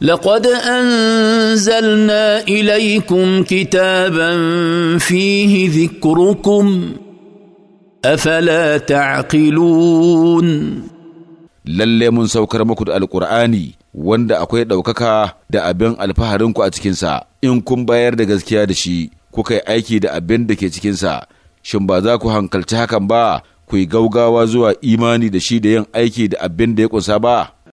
لقد انزلنا اليكم كتابا فيه ذكركم افلا تعقلون Lallai mun saukar muku da alkur'ani wanda akwai ɗaukaka da abin alfaharinku a cikinsa in kun bayar da gaskiya da shi kuka yi aiki da abin da ke cikinsa shin ba za ku hankalci hakan ba ku yi gaugawa zuwa imani da shi da yin aiki da abin da ya ƙunsa ba